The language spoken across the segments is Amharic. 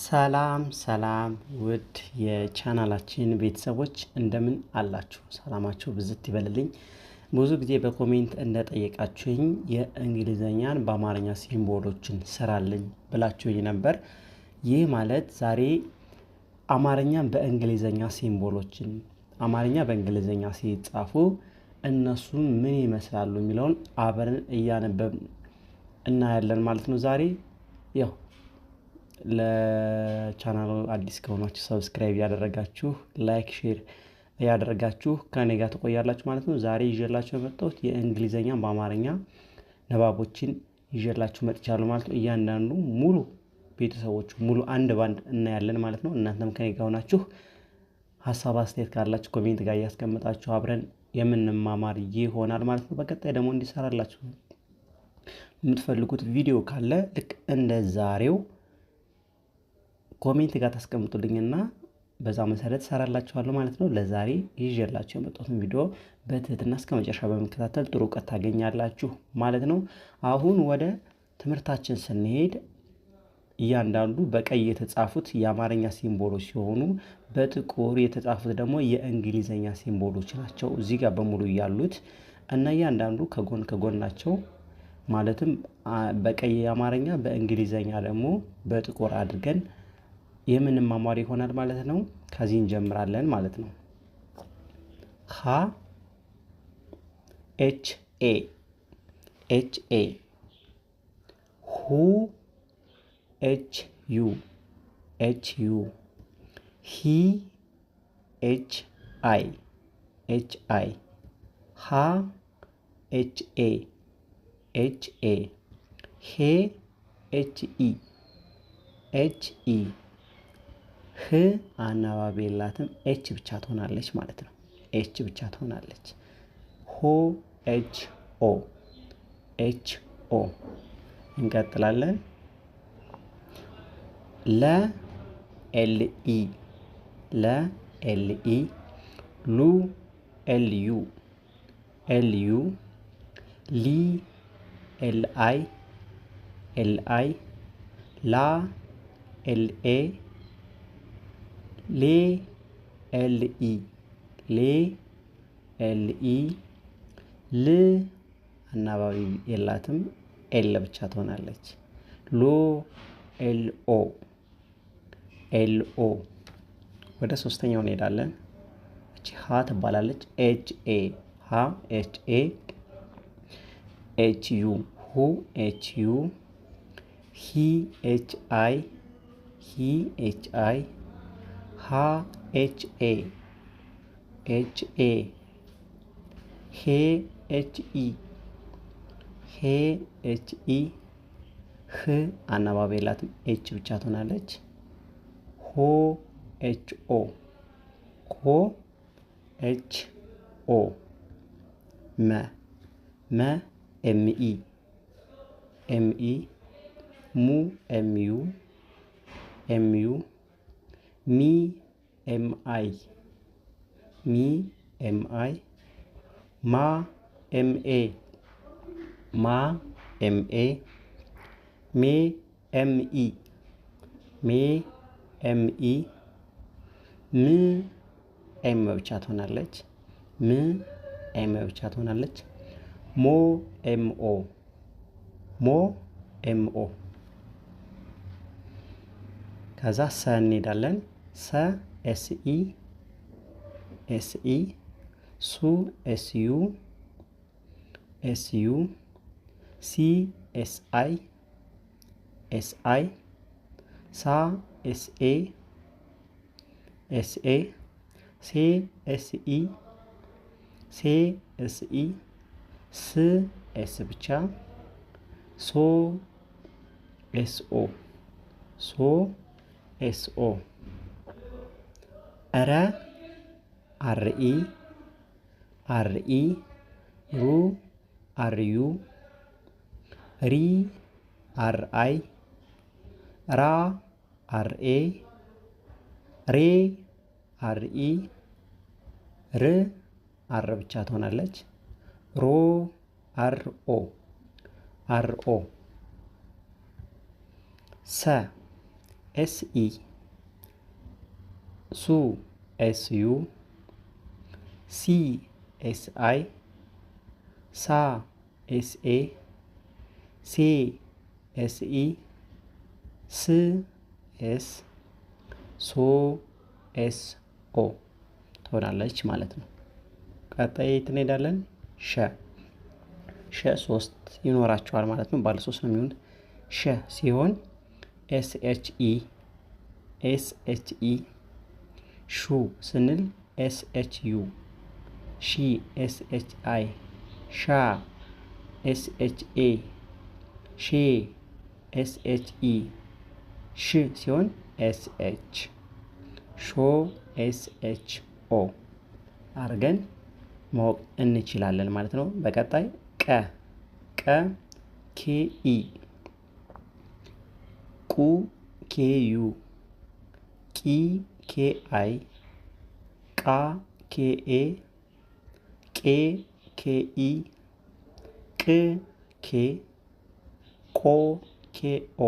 ሰላም ሰላም ውድ የቻናላችን ቤተሰቦች እንደምን አላችሁ? ሰላማችሁ ብዝት ይበልልኝ። ብዙ ጊዜ በኮሜንት እንደጠየቃችሁኝ የእንግሊዝኛን በአማርኛ ሲምቦሎችን ስራልኝ ብላችሁኝ ነበር። ይህ ማለት ዛሬ አማርኛን በእንግሊዝኛ ሲምቦሎችን አማርኛ በእንግሊዝኛ ሲጻፉ እነሱም ምን ይመስላሉ የሚለውን አብረን እያነበብን እናያለን ማለት ነው ዛሬ ያው ለቻናሉ አዲስ ከሆናችሁ ሰብስክራይብ ያደረጋችሁ ላይክ፣ ሼር ያደረጋችሁ ከኔ ጋር ትቆያላችሁ ማለት ነው። ዛሬ ይዤላችሁ የመጣሁት የእንግሊዝኛ በአማርኛ ንባቦችን ይዤላችሁ መጥቻለሁ ማለት ነው። እያንዳንዱ ሙሉ ቤተሰቦቹ ሙሉ አንድ ባንድ እናያለን ማለት ነው። እናንተም ከኔ ጋር ሆናችሁ ሀሳብ አስተያየት ካላችሁ ኮሜንት ጋር እያስቀምጣችሁ አብረን የምንማማር ይሆናል ማለት ነው። በቀጣይ ደግሞ እንዲሰራላችሁ የምትፈልጉት ቪዲዮ ካለ ልክ እንደ ዛሬው ኮሜንት ጋር ታስቀምጡልኝና በዛ መሰረት ሰራላችኋለሁ ማለት ነው። ለዛሬ ይዤላችሁ የመጣሁትን ቪዲዮ በትህትና እስከ መጨረሻ በመከታተል ጥሩ እውቀት ታገኛላችሁ ማለት ነው። አሁን ወደ ትምህርታችን ስንሄድ እያንዳንዱ በቀይ የተጻፉት የአማርኛ ሲምቦሎች ሲሆኑ በጥቁር የተጻፉት ደግሞ የእንግሊዘኛ ሲምቦሎች ናቸው። እዚህ ጋር በሙሉ እያሉት እና እያንዳንዱ ከጎን ከጎን ናቸው። ማለትም በቀይ የአማርኛ በእንግሊዘኛ ደግሞ በጥቁር አድርገን የምንማማር ይሆናል ማለት ነው። ከዚህ እንጀምራለን ማለት ነው። ሀ ኤች ኤ ኤች ኤ ሁ ኤች ዩ ኤች ዩ ሂ ኤች አይ ኤች አይ ሃ ኤች ኤ ኤች ኤ ሄ ኤች ኢ ኤች ኢ ህ አናባቢ የላትም። ኤች ብቻ ትሆናለች ማለት ነው። ኤች ብቻ ትሆናለች። ሆ ኤች ኦ ኤች ኦ። እንቀጥላለን። ለ ኤል ኢ ለ ኤል ኢ ሉ ኤል ዩ ኤል ዩ ሊ ኤል አይ ኤል አይ ላ ኤል ኤ ሌ ኤል ኢ ሌ ኤል ኢ ል አናባቢ የላትም። ኤል ብቻ ትሆናለች። ሎ ኤል ኦ ኤል ኦ ወደ ሶስተኛው እንሄዳለን። እቺ ሀ ትባላለች። ኤች ኤ ሀ ኤች ኤ ኤች ዩ ሁ ኤች ዩ ሂ ኤች አይ ሂ ኤች አይ ሀ ኤች ኤ ኤች ኤ ሄ ኤች ኢ ሄ ኤች ኢ ህ አናባቢ የላትም። ኤች ብቻ ትሆናለች። ሆ ኤች ኦ ሆ ኤች ኦ መ መ ኤም ኢ ኤም ኢ ሙ ኤም ዩ ኤም ዩ ሚ ኤም አይ ሚ ኤም አይ ማ ኤም ኤ ማ ኤም ኤ ሜ ኤም ኢ ሜ ኤም ኢ ም ኤም ብቻ ትሆናለች። ም ኤም ብቻ ትሆናለች። ሞ ኤም ኦ ሞ ኤም ኦ ከዛ ሰ እንሄዳለን። ሰ ኤስኢ ኤስኢ ሱ ኤስዩ ኤስዩ ሲ ኤስአይ ኤስአይ ሳ ኤስኤ ኤስኤ ሴ ኤስኢ ሴ ኤስኢ ስ ኤስ ብቻ ሶ ኤስኦ ሶ ኤስኦ ረ አርኢ አርኢ ሩ አርዩ ሪ አርአይ ራ አርኤ ሬ አርኢ ር አር ብቻ ትሆናለች። ሮ አርኦ አርኦ ሰ ኤስኢ ሱ ኤስ ዩ ሲ ኤስ አይ ሳ ኤስ ኤ ሴ ኤስ ኢ ስ ኤስ ሶ ኤስ ኦ ትሆናለች ማለት ነው። ቀጣይ ትንሄዳለን። ሸ ሸ ሶስት ይኖራቸዋል ማለት ነው። ባለ ሶስት ነው የሚሆን ሸ ሲሆን ኤስ ኤች ኢ ኤስ ኤች ኢ ሹ ስንል ኤስ ኤች ዩ፣ ሺ ኤስ ኤች አይ፣ ሻ ኤስ ኤች ኤ፣ ሼ ኤስ ኤች ኢ፣ ሽ ሲሆን ኤስ ኤች፣ ሾ ኤስ ኤች ኦ አድርገን ማወቅ እንችላለን ማለት ነው። በቀጣይ ቀ ቀ ኬ ኢ ቁ ኬ ዩ ቂ ኬአይ ቃ ኬኤ ቄ ኬኢ ቅ ኬ ቆ ኬኦ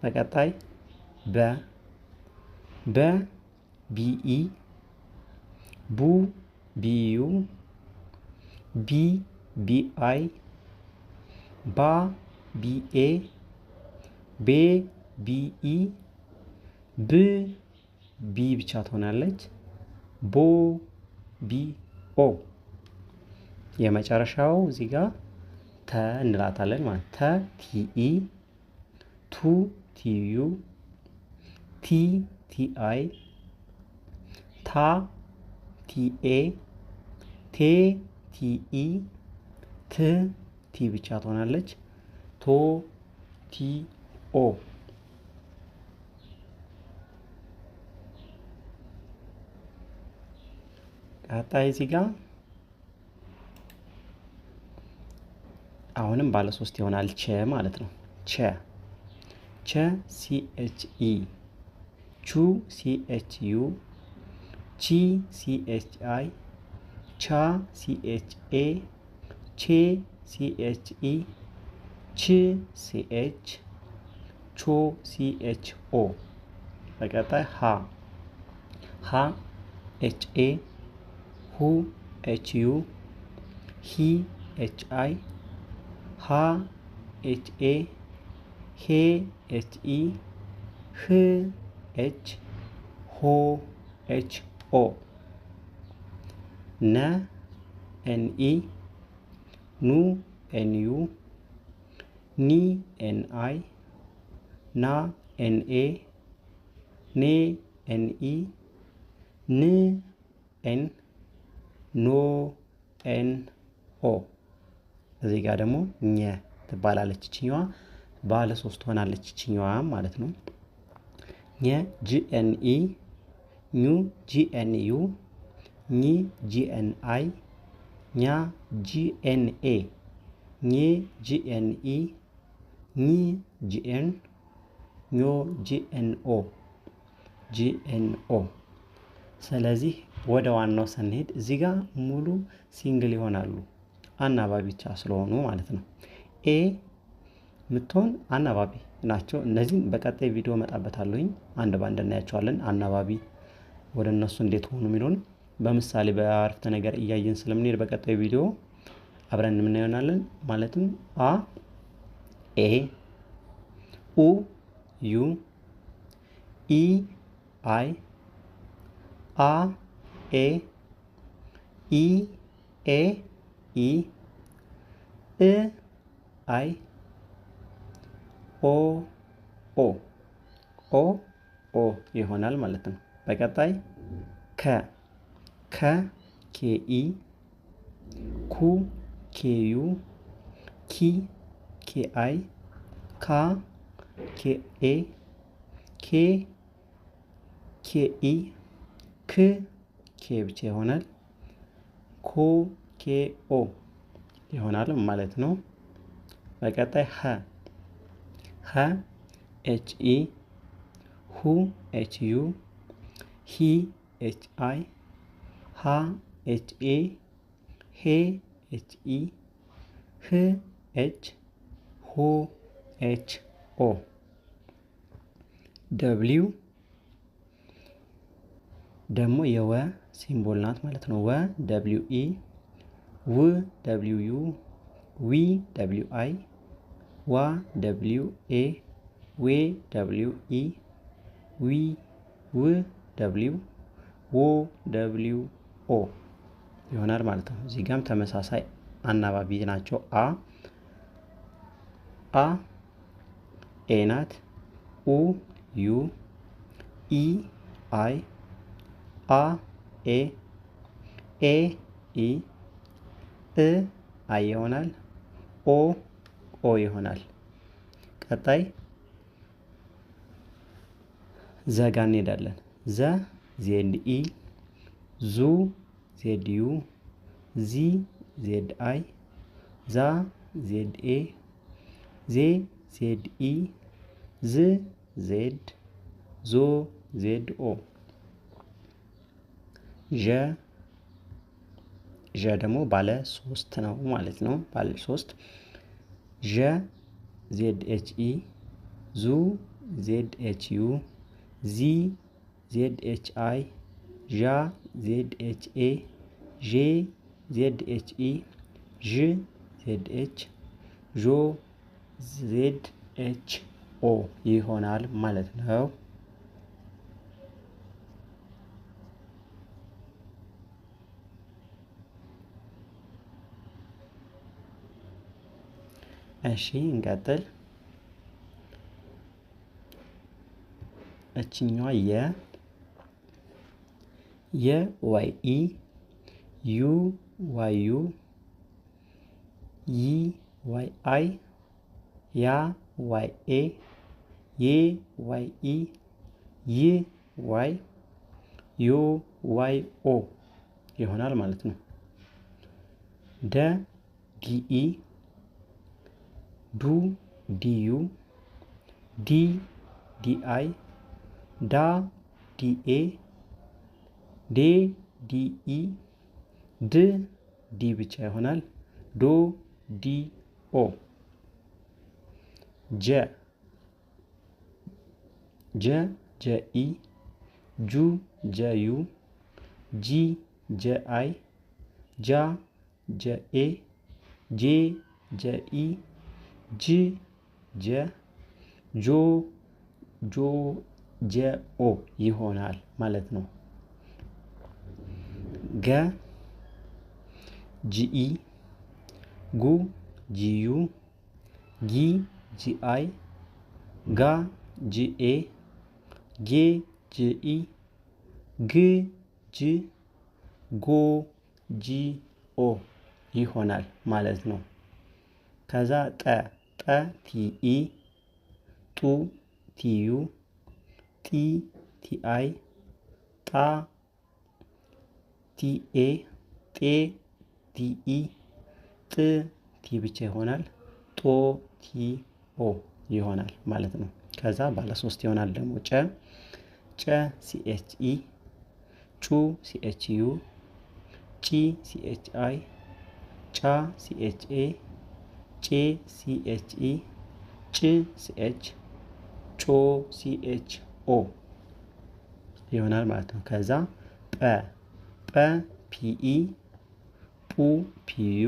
በቀጣይ በ በ ቢኢ ቡ ቢዩ ቢ ቢአይ ባ ቢኤ ቤ ቢኢ ብ ቢ ብቻ ትሆናለች። ቦ ቢ ኦ የመጨረሻው እዚህ ጋር ተ እንላታለን ማለት ተ ቲኢ ቱ ቲዩ ቲ ቲአይ ታ ቲኤ ቴ ቲኢ ት ቲ ብቻ ትሆናለች። ቶ ቲ ኦ ቀጣይ እዚህ ጋር አሁንም ባለ ሶስት ይሆናል ቼ ማለት ነው። ቼ ቼ ሲኤች ኢ ቹ ኤች ዩ ቺ ኤች አይ ቻ ኤች ኤ ቼ ኤች ኢ ቺ ኤች ቾ ኤች ኦ በቀጣይ ሃ ሃ ኤች ኤ who H U, he H I, ha H A, he H E, h H, ho H O, na N E, nu N U, ni N I, na N A, ne N E, n N ኖ ኤን ኦ እዚህ ጋር ደግሞ ኘ ትባላለች ይችኛዋ ባለ ሶስት ሆናለች። ይችኛዋ ማለት ነው። ኘ ጂኤንኢ ኙ ጂኤንዩ ኚ ጂኤንአይ ኛ ጂኤንኤ ኚ ጂኤንኢ ኚ ጂኤን ኞ ጂኤንኦ ጂኤንኦ ስለዚህ ወደ ዋናው ስንሄድ እዚህ ጋር ሙሉ ሲንግል ይሆናሉ አናባቢ ብቻ ስለሆኑ ማለት ነው። ኤ ምትሆን አናባቢ ናቸው። እነዚህም በቀጣይ ቪዲዮ መጣበታለሁኝ። አንድ ባንድ እናያቸዋለን። አናባቢ ወደ እነሱ እንዴት ሆኑ የሚለውን በምሳሌ በአረፍተ ነገር እያየን ስለምንሄድ በቀጣይ ቪዲዮ አብረን የምናየሆናለን። ማለትም አ ኤ ኡ ዩ ኢ አይ a e i e i እ አይ ኦ ኦ ኦ ኦ ይሆናል ማለት ነው። በቀጣይ ከ ከ ኬ ኢ ኩ ኬ ዩ ኪ ኬ አይ ካ ኬኤ ኬ ኬ ኢ ख ኬ ብቻ ይሆናል። ኮ ኬ ኦ ይሆናል ማለት ነው። በቀጣይ ሀ ሀ ኤች ኢ ሁ ኤች ዩ ሂ ኤች አይ ሃ ኤች ኤ ሄ ኤች ኢ ህ ኤች ሆ ኤች ኦ ደብሊው ደግሞ የወ ሲምቦል ናት ማለት ነው። ወ ደብሊው ኢ፣ ው ደብሊው ዩ፣ ዊ ደብሊው አይ፣ ዋ ደብሊው ኤ፣ ዌ ደብሊው ኢ፣ ዊ ው ደብሊው ዎ ደብሊው ኦ ይሆናል ማለት ነው። እዚህ ጋም ተመሳሳይ አናባቢ ናቸው። አ አ ኤ ናት፣ ኡ ዩ፣ ኢ አይ አ ኤ ኤ ኢ እ አይ ይሆናል። ኦ ኦ ይሆናል። ቀጣይ ዘ እንሄዳለን። ዘ ዜድ ኢ ዙ ዜድ ዩ ዚ ዜድ አይ ዛ ዜድ ኤ ዜ ዜድ ኢ ዝ ዜድ ዞ ዜድ ኦ ዠ ዠ ደግሞ ባለ ሶስት ነው ማለት ነው። ባለ ሶስት ዠ ዜድ ኤች ኢ ዙ ዜድ ኤች ዩ ዚ ዜድ ኤች አይ ዣ ዜድ ኤች ኤ ዤ ዜድ ኤች ኢ ዥ ዜድ ኤች ዦ ዜድ ኤች ኦ ይሆናል ማለት ነው። እሺ እንቀጥል። እችኛዋ የ የ ዋይ ኢ ዩ ዋይ ዩ ይ ዋይ አይ ያ ዋይ ኤ የ ዋይ ኢ ይ ዋይ ዩ ዋይ ኦ ይሆናል ማለት ነው። ደ ዲ ኢ? ዱ ዲዩ ዲ ዲአይ ዳ ዲኤ ዴ ዲኢ ድ ዲ ብቻ ይሆናል። ዶ ዲ ኦ ጀ ጀ ጀኢ ጁ ጀዩ ጂ ጀአይ ጃ ጀኤ ጄ ጀኢ ጂ ጀ ጆ ጆ ጀ ኦ ይሆናል ማለት ነው። ገ ጂኢ ጉ ጂዩ ጊ ጂአይ ጋ ጂኤ ጌ ጂኢ ግ ጂ ጎ ጂ ኦ ይሆናል ማለት ነው። ከዛ ጠ ጠ ቲኢ ጡ ቲዩ ጢ ቲአይ ጣ ቲኤ ጤ ቲኢ ጥ ቲ ብቻ ይሆናል። ጦ ቲኦ ይሆናል ማለት ነው። ከዛ ባለ ሶስት ይሆናል ደግሞ ጨ ጨ ኢ ጩ ዩ ጪ ሲኤችአይ ጫ ኤ ጬ ሲኤች ኢ ጭ ሲኤች ጮ ሲኤች ኦ ይሆናል ማለት ነው። ከዛ ጰ ጰ ፒኢ ፑ ፒዩ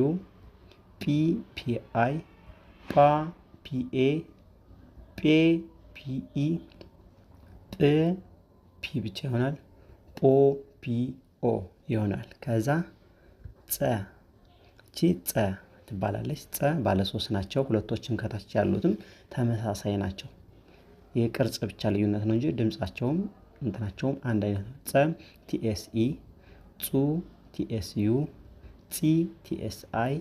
ጲ ፒአይ ጳ ፒኤ ጴ ፒኢ ጵ ፒ ብቻ ይሆናል። ጶ ፒኦ ይሆናል። ከዛ ጸ ቺ ጸ ትባላለች። ፀ ሶስት ናቸው። ሁለቶችም ከታች ያሉትም ተመሳሳይ ናቸው። የቅርጽ ብቻ ልዩነት ነው እንጂ ድምጻቸውም እንትናቸውም አንድ አይነት ነው። ፀ ቲኤስኢ፣ ጹ ቲኤስዩ፣ ፂ ቲኤስአይ፣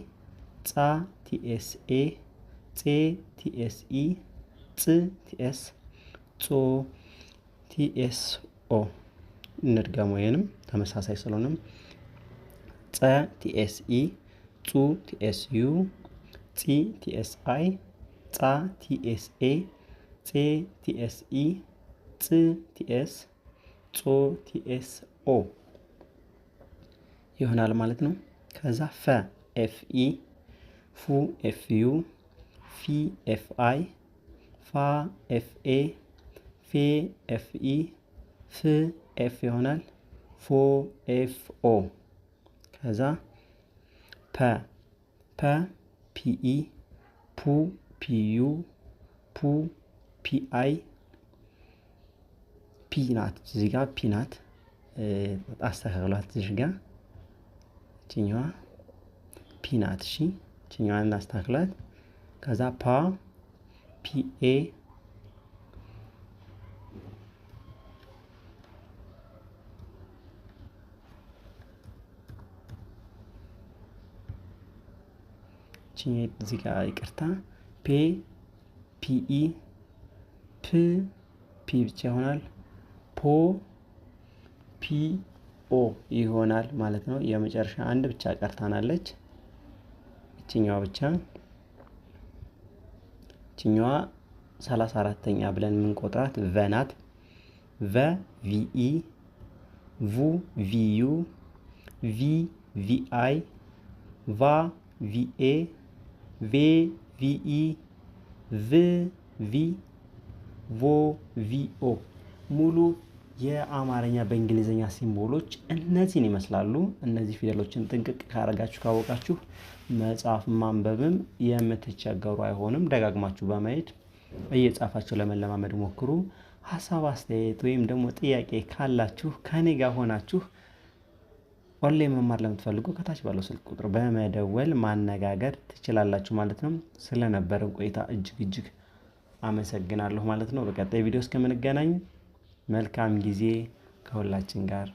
ጻ ቲኤስኤ፣ ፄ ቲኤስኢ፣ ፅ ቲኤስ፣ ጾ ቲኤስኦ። እንድገመው ወይንም ተመሳሳይ ስለሆነም ፀ ቲኤስኢ ጹ ቲኤስ ዩ ፂ ቲኤስ አይ ፃ ቲኤስ ኤ ፄ ቲኤስ ኢ ፅ ቲኤስ ጾ ቲኤስ ኦ ይሆናል ማለት ነው። ከዛ ፈ ኤፍ ኢ ፉ ኤፍ ዩ ፊ ኤፍ አይ ፋ ኤፍ ኤ ፌ ኤፍ ኢ ፍ ኤፍ ይሆናል ፎ ኤፍ ኦ ከዛ ፐ ፐ ፒኢ ፑ ፒዩ ፑ ፒአይ ፒ ናት። እዚህ ጋ ፒ ናት። አስተካክሏት። እዚህ ጋ ችኛዋ ፒ ናት። እሺ ችኛዋን እናስተካክላት። ከዛ ፓ ፒኤ ይችኛ እዚህ ይቅርታ ፔ ፒኢ ፕ ፒ ብቻ ይሆናል። ፖ ፒ ኦ ይሆናል ማለት ነው። የመጨረሻ አንድ ብቻ ቀርታናለች። እችኛዋ ብቻ እችኛዋ ሰላሳ አራተኛ ብለን የምንቆጥራት ቨናት ናት። ቨ ቪኢ ቪ ቪዩ ቪ ቪአይ ቫ ቪኤ V, Vኢ፣ VV፣ ቮ፣ ቪኦ ሙሉ የአማርኛ በእንግሊዝኛ ሲምቦሎች እነዚህን ይመስላሉ። እነዚህ ፊደሎችን ጥንቅቅ ካረጋችሁ ካወቃችሁ መጻፍ ማንበብም የምትቸገሩ አይሆንም። ደጋግማችሁ በማየት እየጻፋችሁ ለመለማመድ ሞክሩ። ሀሳብ አስተያየት፣ ወይም ደግሞ ጥያቄ ካላችሁ ከኔ ጋር ሆናችሁ ኦንላይን መማር ለምትፈልጉ ከታች ባለው ስልክ ቁጥር በመደወል ማነጋገር ትችላላችሁ ማለት ነው። ስለነበረን ቆይታ እጅግ እጅግ አመሰግናለሁ ማለት ነው። በቀጣይ ቪዲዮ እስከምንገናኝ መልካም ጊዜ ከሁላችን ጋር